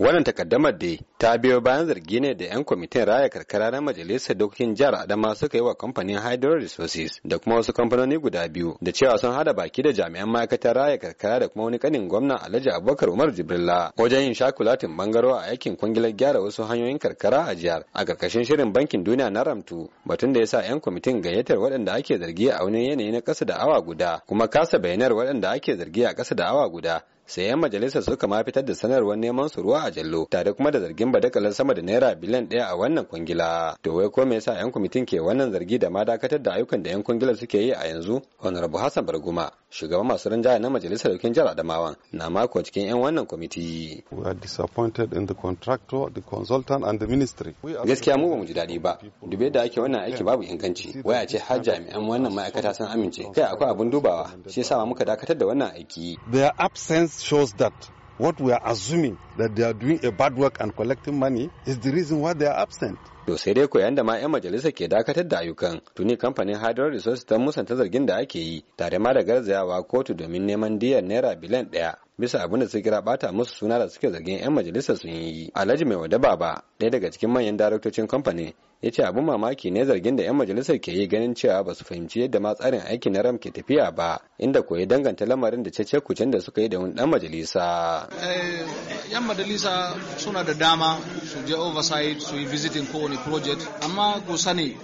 wannan takaddamar dai ta biyo bayan zargi ne da 'yan kwamitin raya karkara na majalisar dokokin jihar adama suka yi wa kamfanin hydro resources da kuma wasu kamfanoni guda biyu da cewa sun hada baki da jami'an ma'aikatar raya karkara da kuma wani kanin gwamna alhaji abubakar umar Jibrila. wajen yin shakulatin bangarwa a yakin kwangilar gyara wasu hanyoyin karkara a jihar a karkashin shirin bankin duniya na ramtu batun da ya sa 'yan kwamitin gayyatar waɗanda ake zargi a wani yanayi na ƙasa da awa guda kuma kasa bayanar waɗanda ake zargi a ƙasa da awa guda sai yan majalisar suka ma fitar da sanarwar neman su ruwa a jallo tare kuma da zargin badakalar sama da naira biliyan ɗaya a wannan kwangila to wai ko me yasa yan kwamitin ke wannan zargi da ma dakatar da ayyukan da yan kwangilar suke yi a yanzu honorable hassan barguma shugaban masu rinjaya na majalisar dokin jihar adamawa na mako cikin 'yan wannan kwamiti gaskiya mu ba mu ji daɗi ba dube da ake wannan aiki babu inganci waya ce har jami'an wannan ma'aikata sun amince kai akwai abin dubawa shi yasa muka dakatar da wannan aiki their absence shows that what we are assuming that they are doing a bad work and collecting money is the reason why they are absent To sai dai koyan da ma 'yan majalisa ke dakatar da ayyukan tuni kamfanin Hydro Resources ta musanta zargin da ake yi tare ma da garzayawa kotu domin neman diyar naira biliyan daya bisa abin da su kira bata musu suna da suke zargin 'yan majalisa sun yi alhaji mai wada baba ɗaya daga cikin manyan daraktocin kamfanin ya ce abin mamaki ne zargin da 'yan majalisar ke yi ganin cewa ba su fahimci yadda ma tsarin aiki na ram ke tafiya ba inda koyi danganta lamarin da cece kucen da suka yi da wani dan majalisa eh, yan majalisa suna da dama su je oversight su yi visiting kowane project amma ku sani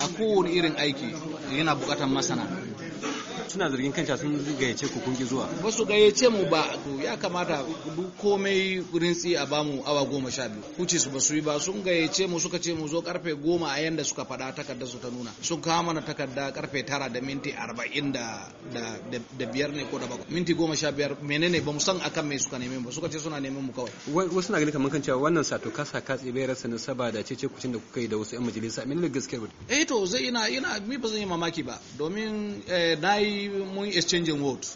a kowane irin aiki yana bukatar masana suna zargin kanta sun gayyace ku kun ki zuwa ba su gayyace mu ba to ya kamata duk komai rintsi a bamu awa goma sha biyu kuce su ba su yi ba sun gayyace mu suka ce mu zo karfe goma a yanda suka faɗa takardar su ta nuna sun kawo mana takarda karfe tara da minti arba'in da da biyar ne ko da bakwai minti goma sha biyar menene ba mu san akan me suka neme ba suka ce suna neman mu kawai wasu na ganin kamar kan cewa wannan sato kasa katse bai rasa nasaba da cece kucin da kuka yi da wasu yan majalisa menene gaskiyar eh to zai ina ina mi ba zan yi mamaki ba domin eh, na yi shi mun exchanging word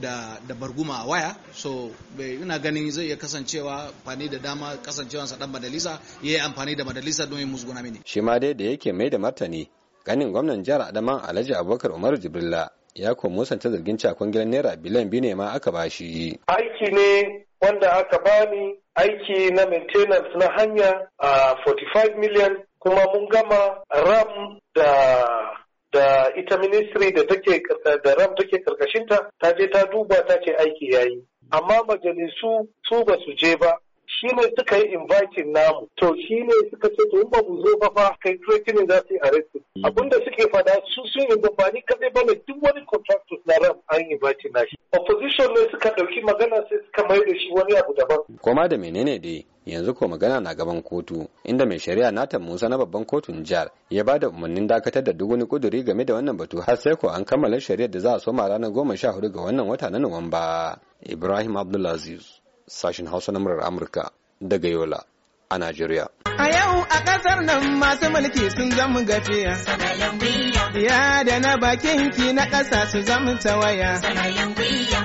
da, da barguma a waya so ina ganin zai iya kasancewa fani da dama kasancewansa dan madalisa ya yi amfani da madalisa don yin musguna mini shi ma dai da yake mai da martani ganin gwamnan jihar adama alhaji abubakar umaru jibrilla ya ko musanta zargin cakon gidan naira biliyan biyu ne ma aka ba shi aiki ne wanda aka bani aiki na maintenance na hanya a uh, 45 million kuma mun gama ram da ita ministry da take da ram take karkashinta ta je ta duba ta ce aiki yayi amma majalisu su ba su je ba shi ne suka yi inviting namu to shi ne suka ce to in ba mu zo ba fa kai threatening za su yi mm. Abun da suke fada su sun yi ba ni ba ne duk wani contractors na ram an yi inviting na shi opposition ne suka dauki magana sai suka mai da shi wani abu daban koma da menene dai yanzu ko magana na gaban kotu inda mai shari'a nata Musa na babban kotun jihar ya ba da umarnin dakatar da duk wani kuduri game da wannan batu har sai ko an kammala shari'ar da za a soma ranar goma sha hudu ga wannan wata na Nuwamba. Ibrahim Abdulaziz sashen Hausa na murar Amurka daga Yola a Najeriya. A yau a ƙasar nan masu mulki sun zama gafiya. Ya da na bakin ki na ƙasa su zama tawaya.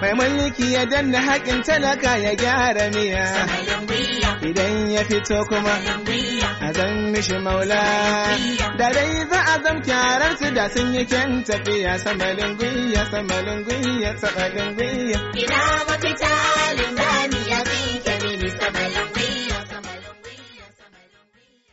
Mai mulki ya danna haƙin talaka ya gyara miya. Idan ya fito kuma a zan mishi maula. Da dai za a zam kyarar su da sun yi kyan tafiya. Samalin gwiya, samalin gwiya, samalin gwiya. Ina mafita.